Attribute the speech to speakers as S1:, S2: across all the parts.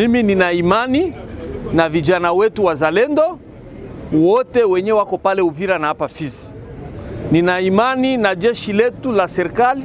S1: Mimi nina imani na vijana wetu wazalendo wote wenye wako pale Uvira na hapa Fizi. Nina imani na jeshi letu la serikali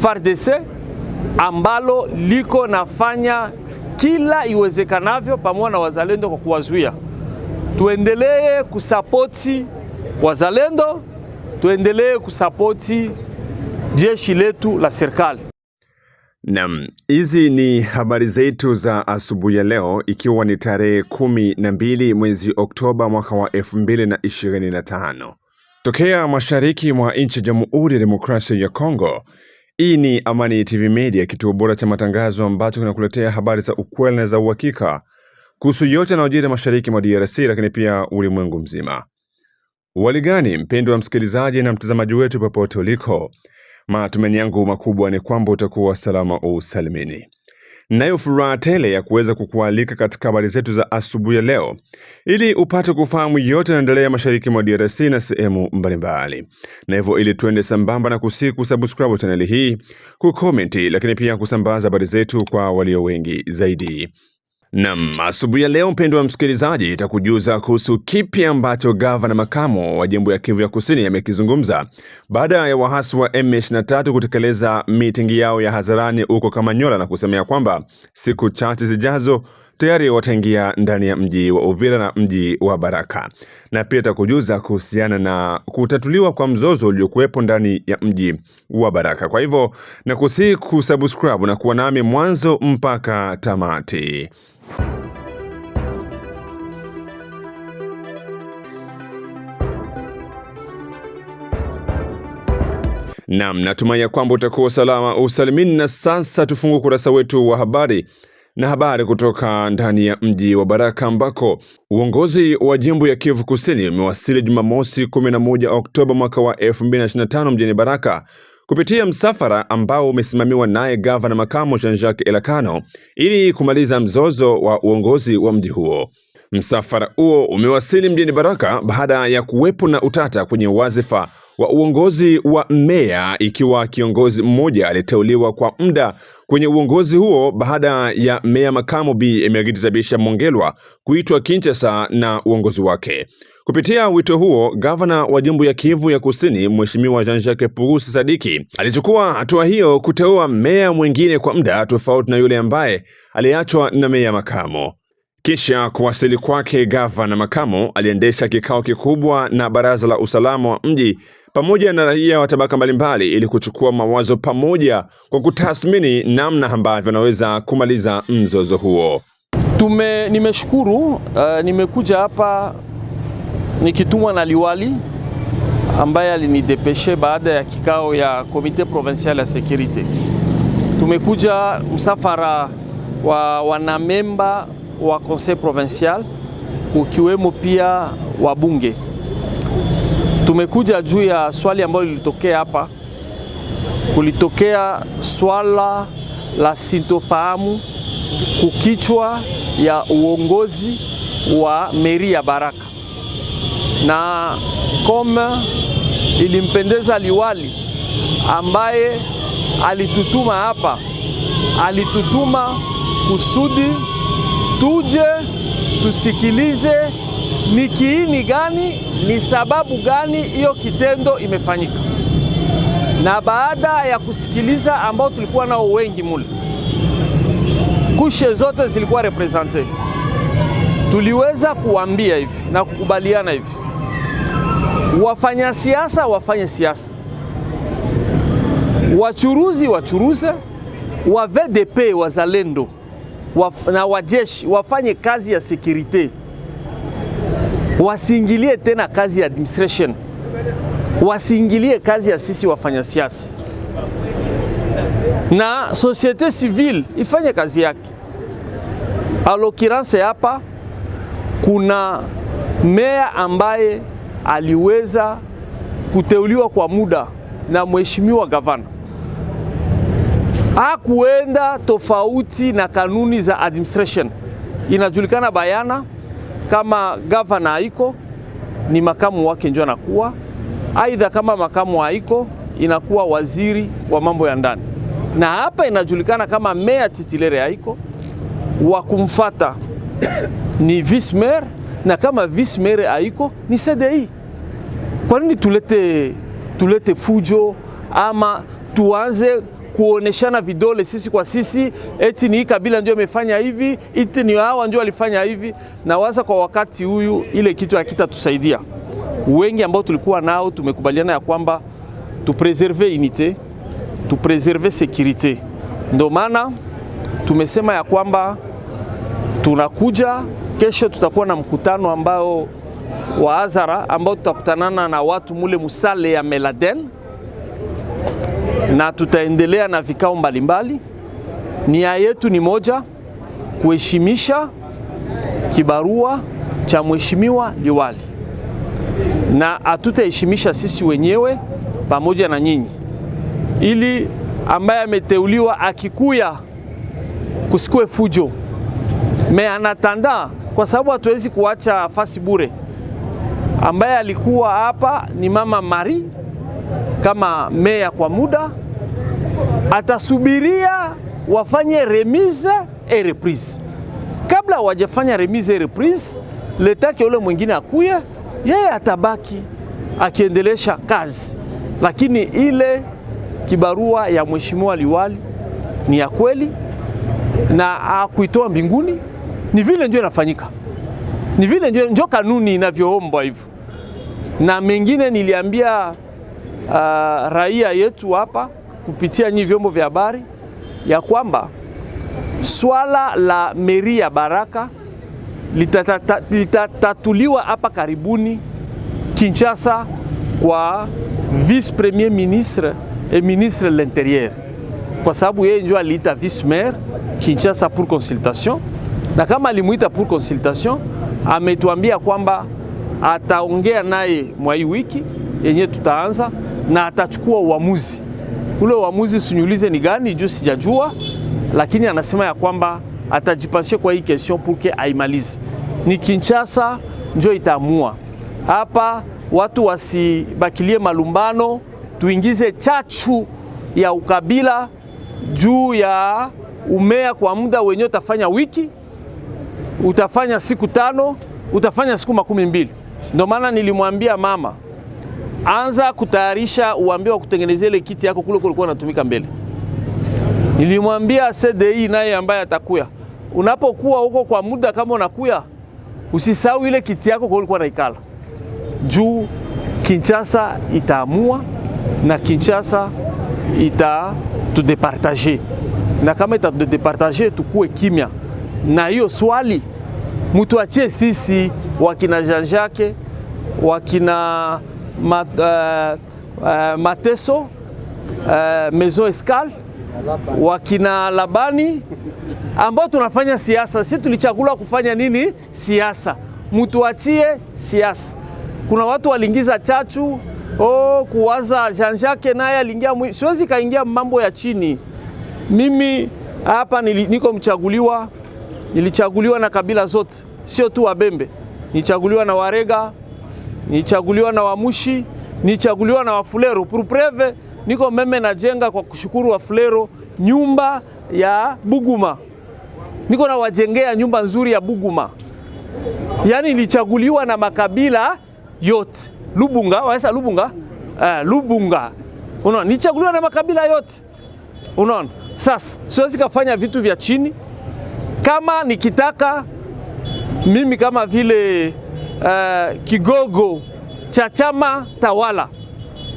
S1: FARDC ambalo liko nafanya kila iwezekanavyo pamoja na wazalendo kwa kuwazuia. Tuendelee kusapoti wazalendo, tuendelee kusapoti jeshi letu la serikali.
S2: Naam, hizi ni habari zetu za asubuhi ya leo ikiwa ni tarehe kumi na mbili mwezi Oktoba mwaka wa elfu mbili na ishirini na tano tokea mashariki mwa nchi ya Jamhuri ya Demokrasia ya Kongo. Hii ni Amani TV Media, kituo bora cha matangazo ambacho kinakuletea habari za ukweli na za uhakika kuhusu yote yanayojiri mashariki mwa DRC, lakini pia ulimwengu mzima. Waligani mpendo wa msikilizaji na mtazamaji wetu popote uliko Matumaini yangu makubwa ni kwamba utakuwa salama usalimini. Nayo furaha tele ya kuweza kukualika katika habari zetu za asubuhi ya leo ili upate kufahamu yote yanaendelea mashariki mwa DRC na sehemu mbalimbali, na hivyo ili tuende sambamba na kusi kusubscribe chaneli hii, kukomenti, lakini pia kusambaza habari zetu kwa walio wengi zaidi. Nam, asubuhi ya leo mpendwa msikilizaji, itakujuza kuhusu kipi ambacho gavana makamo wa jimbo ya Kivu ya Kusini yamekizungumza baada ya waasi wa M23 kutekeleza mitingi yao ya hadharani huko Kamanyola na kusemea kwamba siku chache zijazo tayari wataingia ndani ya mji wa Uvira na mji wa Baraka, na pia itakujuza kuhusiana na kutatuliwa kwa mzozo uliokuwepo ndani ya mji wa Baraka. Kwa hivyo nakusihi kusubscribe na kuwa nami mwanzo mpaka tamati. Naam, natumai ya kwamba utakuwa salama usalimini. Na sasa tufungue ukurasa wetu wa habari na habari kutoka ndani ya mji wa Baraka ambako uongozi wa jimbo ya Kivu Kusini umewasili Jumamosi 11 Oktoba mwaka wa 2025 mjini Baraka kupitia msafara ambao umesimamiwa naye gavana makamo Jean-Jacques Elakano ili kumaliza mzozo wa uongozi wa mji huo. Msafara huo umewasili mjini Baraka baada ya kuwepo na utata kwenye wazifa wa uongozi wa meya, ikiwa kiongozi mmoja aliteuliwa kwa muda kwenye uongozi huo baada ya meya makamu Bi Emerithisabisha Mongelwa kuitwa Kinshasa na uongozi wake. Kupitia wito huo, gavana wa jimbo ya Kivu ya Kusini, Mheshimiwa Jean-Jacques Purusi Sadiki alichukua hatua hiyo kuteua meya mwingine kwa muda tofauti na yule ambaye aliachwa na meya makamo. Kisha kuwasili kwake, gavana makamo aliendesha kikao kikubwa na baraza la usalama wa mji pamoja na raia wa tabaka mbalimbali ili kuchukua mawazo pamoja kwa kutathmini namna ambavyo wanaweza kumaliza mzozo
S1: huo. Tume, nimeshukuru uh, nimekuja hapa nikitumwa na liwali ambaye alinidepeshe baada ya kikao ya komite provincial ya security. Tumekuja msafara wa wanamemba wa conseil provincial ukiwemo pia wabunge tumekuja juu ya swali ambalo lilitokea hapa. Kulitokea swala la sintofahamu kukichwa ya uongozi wa meri ya Baraka, na koma ilimpendeza liwali ambaye alitutuma hapa, alitutuma kusudi tuje tusikilize ni kiini gani, ni sababu gani hiyo kitendo imefanyika. Na baada ya kusikiliza ambao tulikuwa nao wengi mule, kushe zote zilikuwa represente, tuliweza kuambia hivi na kukubaliana hivi, wafanya siasa wafanye siasa, wachuruzi wachuruze, wa VDP wazalendo na wajeshi wafanye kazi ya sekirite wasiingilie tena kazi ya administration, wasiingilie kazi ya sisi wafanya siasa, na societe civile ifanye kazi yake. Alokiranse hapa kuna meya ambaye aliweza kuteuliwa kwa muda na mheshimiwa gavana hakuenda tofauti na kanuni za administration, inajulikana bayana kama gavana haiko ni makamu wake ndio anakuwa, aidha kama makamu haiko inakuwa waziri wa mambo ya ndani, na hapa inajulikana kama mea titilere haiko, wa kumfata ni vice mayor, na kama vice mayor haiko ni CDI. Kwa nini tulete, tulete fujo ama tuanze kuoneshana vidole sisi kwa sisi, eti ni hii kabila ndio imefanya hivi, eti ni hawa ndio walifanya hivi. Na waza kwa wakati huyu ile kitu hakitatusaidia. Wengi ambao tulikuwa nao tumekubaliana ya kwamba tupreserve unite, tupreserve securite. Ndio maana tumesema ya kwamba tunakuja kesho, tutakuwa na mkutano ambao wa hadhara ambao tutakutanana na watu mule musale ya Meladen na tutaendelea na vikao mbalimbali. Nia yetu ni moja, kuheshimisha kibarua cha mheshimiwa liwali, na hatutaheshimisha sisi wenyewe pamoja na nyinyi, ili ambaye ameteuliwa akikuya kusikue fujo me anatanda, kwa sababu hatuwezi kuacha fasi bure. Ambaye alikuwa hapa ni mama Mari kama meya kwa muda atasubiria wafanye remise et reprise. Kabla wajafanya remise et reprise, letake ule mwingine akuye, yeye atabaki akiendelesha kazi, lakini ile kibarua ya mheshimiwa liwali ni ya kweli na akuitoa mbinguni, ni vile ndio inafanyika, ni vile ndio kanuni inavyoombwa hivyo, na mengine niliambia uh, raia yetu hapa kupitia nyi vyombo vya habari ya kwamba swala la meri ya Baraka litatatuliwa hapa karibuni Kinshasa kwa vice premier ministre et ministre de l'intérieur, kwa sababu yeye ndio aliita vice maire Kinshasa pour consultation, na kama alimuita pour consultation, ametuambia kwamba ataongea naye mwa hii wiki yenye tutaanza na atachukua uamuzi ule. Uamuzi siniulize ni gani juu sijajua, lakini anasema ya kwamba atajipanshe kwa hii kestion purke aimalize. Ni Kinshasa njo itaamua hapa, watu wasibakilie malumbano, tuingize chachu ya ukabila juu ya umea kwa muda wenyewe. Utafanya wiki, utafanya siku tano, utafanya siku makumi mbili. Ndio maana nilimwambia mama anza kutayarisha uambie wa kutengenezea ile kiti yako kule kulikuwa natumika mbele. Nilimwambia CDI e naye ambaye atakuya, unapokuwa huko kwa muda, kama unakuya usisahau ile kiti yako kulikuwa naikala juu. Kinshasa itaamua na Kinshasa ita itatudepartage, na kama itatudepartage tukue kimya na hiyo swali mutuachie sisi wakina Jean Jacques wakina Euh, euh, mateso, euh, Maison eskal wakina Labani ambao tunafanya siasa. si tulichagula kufanya nini? Siasa. Mutuachie siasa. Kuna watu waliingiza chachu oh, kuwaza Jean Jacques naye aliingia, siwezi kaingia mambo ya chini. Mimi hapa niko mchaguliwa, nilichaguliwa na kabila zote, sio tu Wabembe, nilichaguliwa na Warega nichaguliwa na Wamushi, nichaguliwa na Wafulero purpreve, niko meme najenga kwa kushukuru Wafulero nyumba ya Buguma, niko na wajengea nyumba nzuri ya Buguma. Yaani nilichaguliwa na makabila yote Lubunga waesa Lubunga eh, Lubunga unaona, nichaguliwa na makabila yote unaona. Sasa siwezi kafanya vitu vya chini kama nikitaka mimi kama vile uh, kigogo cha chama tawala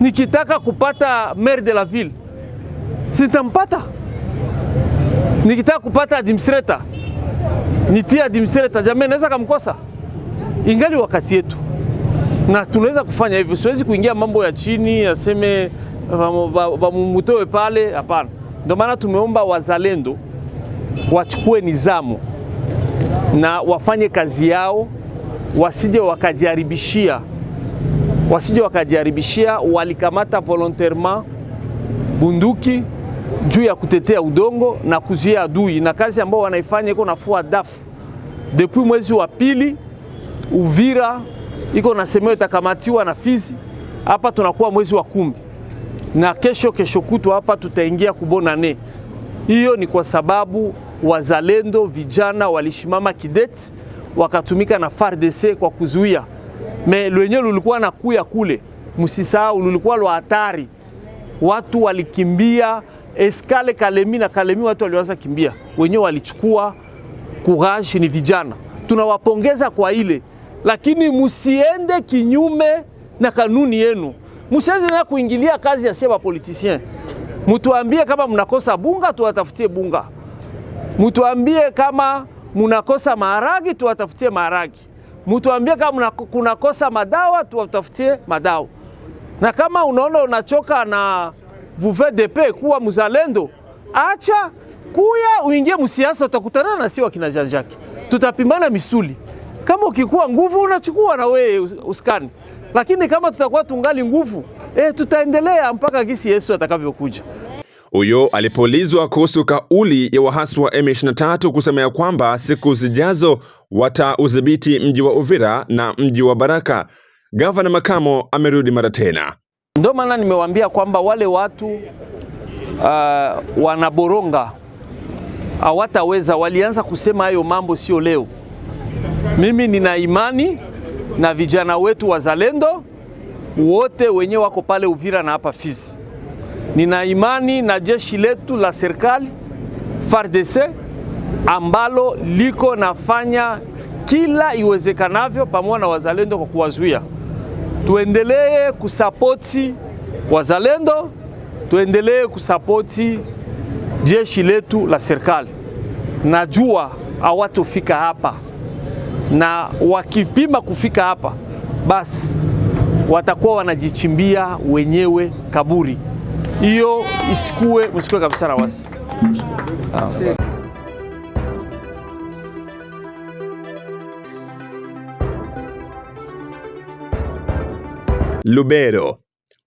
S1: nikitaka kupata maire de la ville sintampata. Nikitaka kupata administrator nitia administrator, jamani, naweza kamkosa. Ingali wakati yetu na tunaweza kufanya hivyo. Siwezi kuingia mambo ya chini aseme wamumutoe pale, hapana. Ndio maana tumeomba wazalendo wachukue nizamu na wafanye kazi yao wasije wakajaribishia, wasije wakajaribishia, Walikamata volontairement bunduki juu ya kutetea udongo na kuzuia adui, na kazi ambayo wanaifanya iko na fua dafu depuis mwezi wa pili. Uvira iko na semeo itakamatiwa na Fizi, hapa tunakuwa mwezi wa kumi na kesho kesho kutwa hapa tutaingia kubona ne. Hiyo ni kwa sababu wazalendo vijana walishimama kideti wakatumika na FARDC kwa kuzuia me lwenye lulikuwa na kuya kule, msisahau lulikuwa lwa hatari, watu walikimbia Eskale Kalemi na Kalemi, watu waliwaza kimbia, wenye walichukua kuraji, Ni vijana tunawapongeza kwa ile, lakini musiende kinyume na kanuni yenu, musianze na kuingilia kazi ya seba politisien. Mutuambie kama mnakosa bunga, tuwatafutie bunga. Mutuambie kama munakosa maharagi, tuwatafutie maharagi. Mutuambie kama kunakosa madawa, tuwatafutie madawa. Na kama unaona unachoka na VVDP, kuwa mzalendo, acha kuya uingie msiasa, utakutana na si wakina Janjaki, tutapimana misuli. Kama ukikuwa nguvu unachukua na wewe uskani, lakini kama tutakuwa tungali nguvu eh, tutaendelea mpaka gisi Yesu atakavyokuja.
S2: Huyo alipoulizwa kuhusu kauli ya waasi wa M23 kusema ya kwamba siku zijazo wataudhibiti mji wa Uvira na mji wa Baraka, gavana Makamo amerudi mara tena.
S1: Ndio maana nimewaambia kwamba wale watu uh, wanaboronga hawataweza. Walianza kusema hayo mambo sio leo. Mimi nina imani na vijana wetu wazalendo wote wenye wako pale Uvira na hapa Fizi Nina imani na jeshi letu la serikali FARDC ambalo liko nafanya kila iwezekanavyo pamoja na wazalendo kwa kuwazuia. Tuendelee kusapoti wazalendo, tuendelee kusapoti jeshi letu la serikali. Najua hawatofika hapa, na wakipima kufika hapa, basi watakuwa wanajichimbia wenyewe kaburi hiyo isikue, msikue kabisa na wasi
S2: Lubero.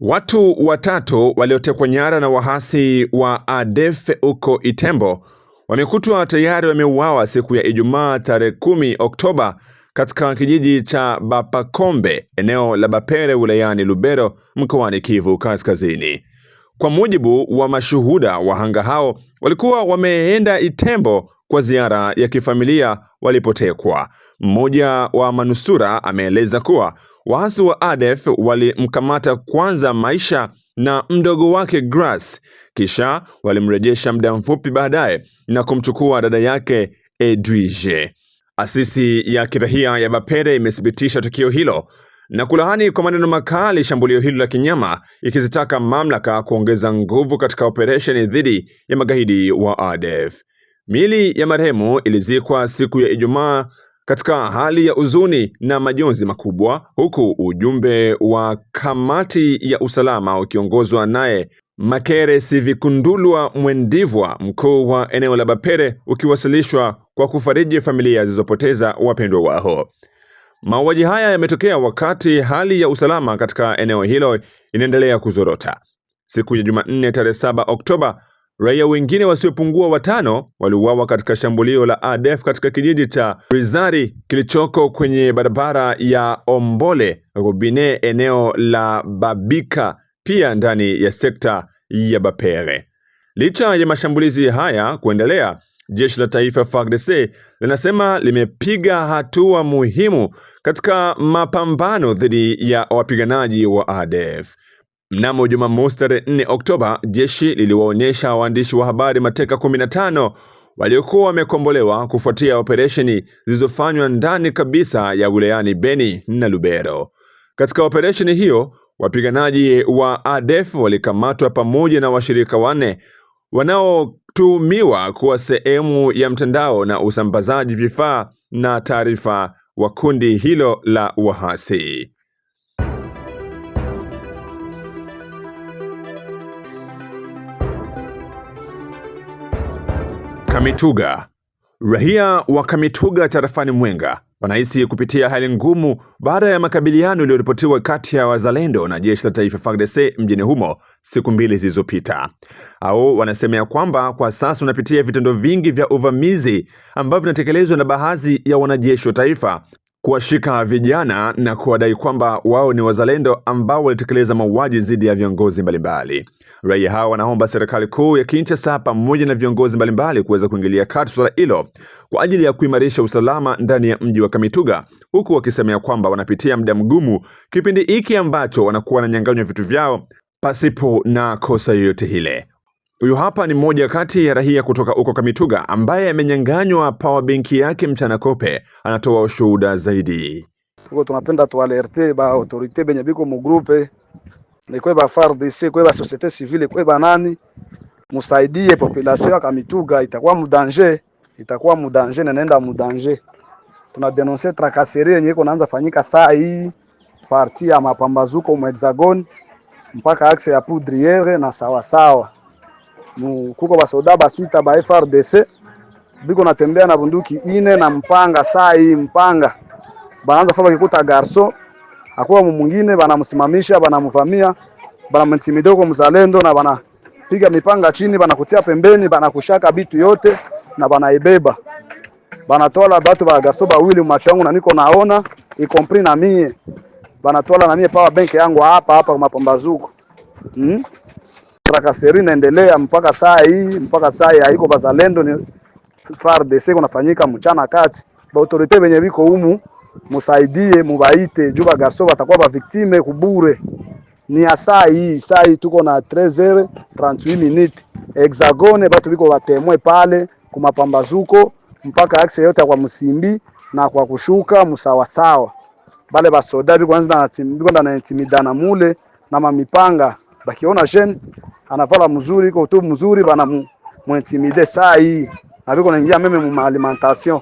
S2: Watu watatu waliotekwa nyara na wahasi wa ADF huko Itembo wamekutwa tayari wameuawa siku ya Ijumaa tarehe 10 Oktoba katika kijiji cha Bapakombe eneo la Bapere wilayani Lubero mkoani Kivu Kaskazini. Kwa mujibu wa mashuhuda, wahanga hao walikuwa wameenda Itembo kwa ziara ya kifamilia walipotekwa. Mmoja wa manusura ameeleza kuwa waasi wa ADF walimkamata kwanza Maisha na mdogo wake grass kisha walimrejesha muda mfupi baadaye na kumchukua dada yake Edwige. Asisi ya kirahia ya Bapere imethibitisha tukio hilo na kulaani kwa maneno makali shambulio hilo la kinyama, ikizitaka mamlaka kuongeza nguvu katika operesheni dhidi ya magaidi wa ADF. Miili ya marehemu ilizikwa siku ya Ijumaa katika hali ya huzuni na majonzi makubwa, huku ujumbe wa kamati ya usalama ukiongozwa naye Makere Sivikundulwa Mwendivwa, mkuu wa eneo la Bapere, ukiwasilishwa kwa kufariji familia zilizopoteza wapendwa wao. Mauaji haya yametokea wakati hali ya usalama katika eneo hilo inaendelea kuzorota. Siku ya Jumanne tarehe 7 Oktoba, raia wengine wasiopungua watano waliuawa katika shambulio la ADF katika kijiji cha Rizari kilichoko kwenye barabara ya Ombole Rubine, eneo la Babika, pia ndani ya sekta ya Bapere. Licha ya mashambulizi haya kuendelea, Jeshi la Taifa FARDC linasema limepiga hatua muhimu katika mapambano dhidi ya wapiganaji wa ADF. Mnamo Jumamosi tarehe 4 Oktoba, jeshi liliwaonyesha waandishi wa habari mateka 15 waliokuwa wamekombolewa kufuatia operesheni zilizofanywa ndani kabisa ya wilayani Beni na Lubero. Katika operesheni hiyo, wapiganaji wa ADF walikamatwa pamoja na washirika wanne wanao kutumiwa kuwa sehemu ya mtandao na usambazaji vifaa na taarifa wa kundi hilo la wahasi. Kamituga. Raia wa Kamituga tarafani Mwenga wanahisi kupitia hali ngumu baada ya makabiliano yaliyoripotiwa kati ya wazalendo na jeshi la taifa FARDC mjini humo siku mbili zilizopita, au wanasemea kwamba kwa sasa unapitia vitendo vingi vya uvamizi ambavyo vinatekelezwa na baadhi ya wanajeshi wa taifa kuwashika vijana na kuwadai kwamba wao ni wazalendo ambao walitekeleza mauaji dhidi ya viongozi mbalimbali. Raia hao wanaomba serikali kuu ya Kinshasa pamoja na viongozi mbalimbali kuweza kuingilia kati suala hilo kwa ajili ya kuimarisha usalama ndani ya mji wa Kamituga, huku wakisemea kwamba wanapitia muda mgumu kipindi hiki ambacho wanakuwa wananyang'anywa vitu vyao pasipo na kosa yoyote ile. Huyu hapa ni mmoja kati ya raia kutoka uko Kamituga ambaye amenyang'anywa power benki yake mchana kope, anatoa ushuhuda zaidi.
S1: Huko tunapenda tu alerte ba autorite benye biko mu groupe ni kwe ba FARDC kwe ba societe civile kwe ba nani musaidie population ya Kamituga, itakuwa mudanger, itakuwa mudanger na nenda mudanger. Tuna denoncer tracasserie yenye iko naanza fanyika saa hii parti ya mapambazuko mu hexagone mpaka axe ya Poudriere na sawa sawa kuko basoda basita ba FRDC biko natembea na bunduki ine na mpanga. Saa hii mpanga banaanza faa, bakikuta garso akuwa mwingine, banamsimamisha banamvamia, banamtimida kwa mzalendo na bana piga mipanga chini, bana kutia pembeni, bana kushaka bitu yote na bana ibeba bana tola batu ba garso ba bawili machangu na niko naona ikompri na mie bana tola na mie power benki yangu hapa hapa kwa mapambazuko mm? trakaseri inaendelea mpaka saa hii, mpaka saa hii haiko bazalendo ni FARDC kunafanyika mchana kati. Ba autorite wenye biko humu musaidie, mubaite juba garso watakuwa ba victime kubure. Ni ya saa hii, saa hii tuko na 13h38 minutes. Hexagone batu biko watemwe pale kumapambazuko mpaka axe yote kwa msimbi na kwa kushuka musawasawa. Bale basoda biko anza na biko ndana intimidana mule na mamipanga bakiona jeune anavala mzuri kwa utubu mzuri bana muintimide saa hii na biko naingia meme mu alimentation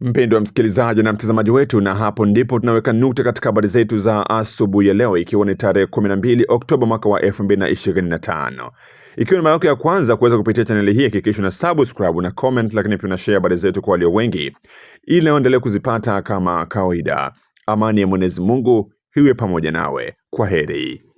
S2: Mpendo wa msikilizaji na mtazamaji wetu, na hapo ndipo tunaweka nukta katika habari zetu za asubuhi ya leo, ikiwa ni tarehe 12 Oktoba mwaka wa 2025. Ikiwa ni mara yako ya kwanza kuweza kupitia chaneli hii, hakikisha una subscribe na comment, lakini pia una share habari zetu kwa walio wengi, ili endelee kuzipata kama kawaida. Amani ya Mwenyezi Mungu iwe pamoja nawe. Kwa heri.